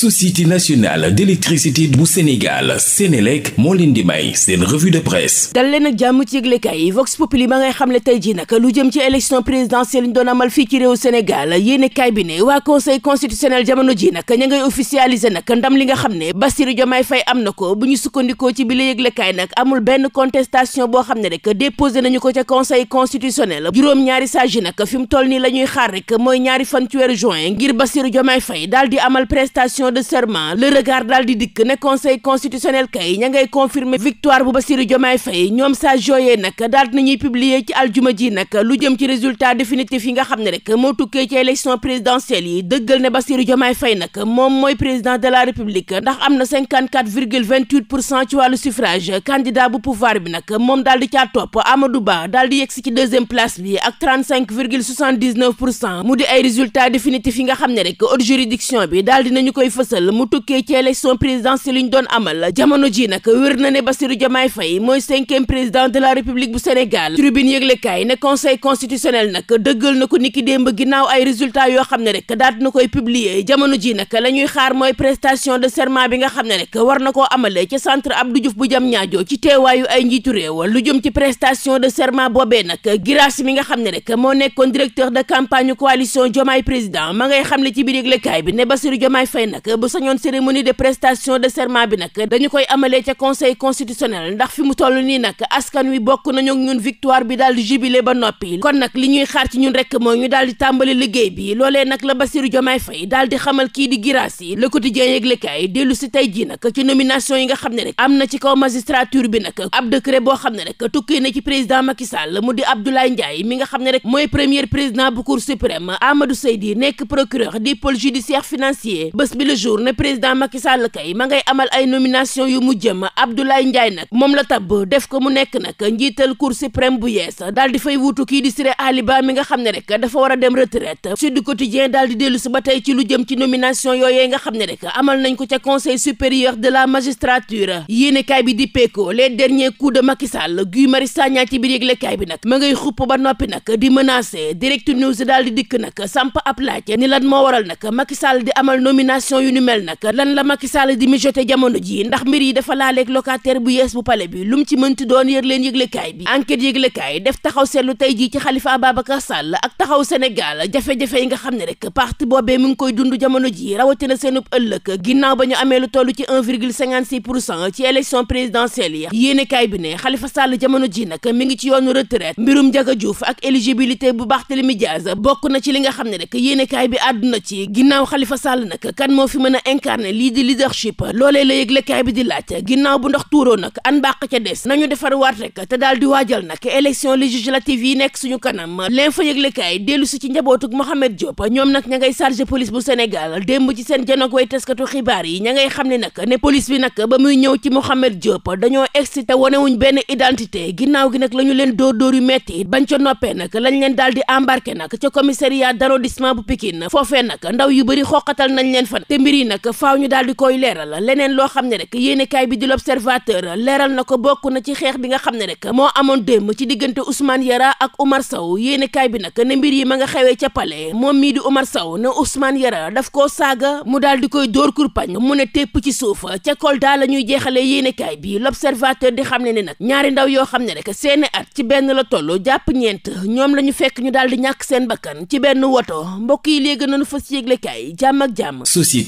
société leen di may seen revue de presse dal leen ak jàmm ci yëglekaay yi Vox ngay xam ne ji nag lu jëm ci élection présidentielle ñu doon amal fii ci réew Sénégal yéene kaay bi ne waa conseil constitutionnel jamono ji nag ña ngay officialiser nag ndam li nga xam ne Bassirou Diomaye Faye am na ko bu ñu sukkandikoo ci bi la yëglekaay nag amul benn contestation boo xam ne rek déposé nañu ko ca conseil constitutionnel juróom-ñaari sage ji nag fi mu toll nii la ñuy xaar rek mooy ñaari fan ci weeru juin ngir Bassirou Diomaye Faye prestation de serment le regard daal di dikk ne conseil constitutionnel kay ña ngay victoire bu Bassirou Diomaye Faye ñoom saa jooyee nag daal dinañuy publier ci aljuma ji nag lu jëm ci résultat définitif yi nga xam ne rek moom mooy di caa topp Amadou Ba di yegsi ci deuxième place bi ak mu di ay résultats définitifs yi nga xam ne rek haute juridiction bi daal dinañu koy fësal mu tukkee ci élection présidentielle yi ñu doon amal jamono ji nag wér na ne Bassirou Diomaye Faye mooy cinquième président de la république bu Sénégal tribune yëglekaay ne conseil constitutionnel nag dëggal na ko niki démb ginnaaw ay résultat yoo xam ne rek daat na koy publier jamono ji nag la ñuy xaar mooy prestation de serment bi nga xam ne rek war na ko amalee ci centre Abdou Diouf bu jam ñaajoo ci teewaayu ay njiitu réew lu jëm ci prestation de serment boobee nag Guirassy mi nga xam ne rek moo nekkoon directeur de campagne coalition Diomaye président ma ngay xam ne ci biir nag bu sañoon cérémonie de prestation de serment bi nag dañu koy amalee ca conseil constitutionnel ndax fi mu toll nii nag askan wi bokk nañu ak ñun victoire bi daal di jubilé ba noppi kon nag li ñuy xaar ci ñun rek mooy ñu daal di tàmbali liggéey bi loolee nag la Bassirou Diomaye Faye daal di xamal kii di Guirassy Le Quotidien yëglekaay dellu si tey jii nag ci nomination yi nga xam ne rek am na ci kaw magistrature bi nag ab décret boo xam ne rek tukkee na ci président Macky Sall mu di Abdoulaye Ndiaye mi nga xam ne rek mooy premier président bu cour suprême Amadou Seydi nekk procureur di pôle jour ne président Macky Sall kay ma ngay amal ay nomination yu mu jëm Abdoulaye Ndiaye nag moom la tabb def ko mu nekk nag njiital cour suprême bu yees daal di fay wuutu kii di Siré Ali mi nga xam ne rek dafa war a dem retraite Sud Quotidien daal di dellu si ba tey ci lu jëm ci nomination yooyee nga xam ne rek amal nañ ko ca conseil supérieur de la magistrature yéenekaay bi di peeko les derniers coups de Macky Sall Guy Marius Sagna ci biir yëglekaay bi nag ma ngay xupp ba nag di menacer direct news daal di dikk nag samp ab laaj ni lan yu ni mel nag lan la Macky Sall di mijote jamono ji ndax mbir yi mu xam ne rek parti boobee mu ngi koy dund jamono ji rawatina seenub ëllëg ginnaaw ba ñu amee lu toll ci 1,56 pour cent ci élection présidentielle yi yéenekaay bi ne Khalifa Sall jamono ji nag mi ngi ci yoonu retraite mbirum Ndiaga Diouf ak éligibilité bu Barthélémy Diaz bokk na ci li nga xam ne rek yéenekaay bi àdduna ci ginnaaw Khalifa Sall nag kan moo fi fi mën a incarner lii di leadership loolee la yëglekaay bi di laaj ginnaaw bu ndox tuuroo nag an baax ca des nañu defar waat rek te daal di waajal nag élection législative yi nekk suñu kanam leen fa yëglekaay dellu si ci njabootug Mohamed Diop ñoom nag ña ngay chargé police bu Sénégal démb ci seen janok way xibaar yi ña ngay xam ne nag ne police bi nag ba muy ñëw ci Mohamed Diop dañoo excité wonewuñ benn identité ginnaaw gi nag la ñu leen dóor dóor yu metti bañ ca noppee nag lañ leen daal di embarqué nag ca commissariat bu Pikine foofee ndaw yu bëri xoqatal nañ leen fan mbir yi nag faaw ñu daal di koy leeral leneen loo xam ne rek yéenekaay bi di l'observateur leeral na ko bokk na ci xeex bi nga xam ne rek moo amoon démb ci diggante Ousmane Yara ak Omar saw yéenekaay bi nag ne mbir yi ma nga xewee ca Palais moom mii di Omar saw ne Ousmane Yara daf koo saaga mu daal di koy dóor kurpañ mu ne tépp ci suuf ca Kolda la ñuy jeexalee yéenekaay bi l'observateur di xam ne ne nag ñaari ndaw yoo xam ne rek seeni at ci benn la tollu jàpp ñeent ñoom la ñu fekk ñu daal di ñàkk seen bakkan ci benn woto mbokk yi léegi nañu fas yéeglekaay jàmm ak jàmm. Société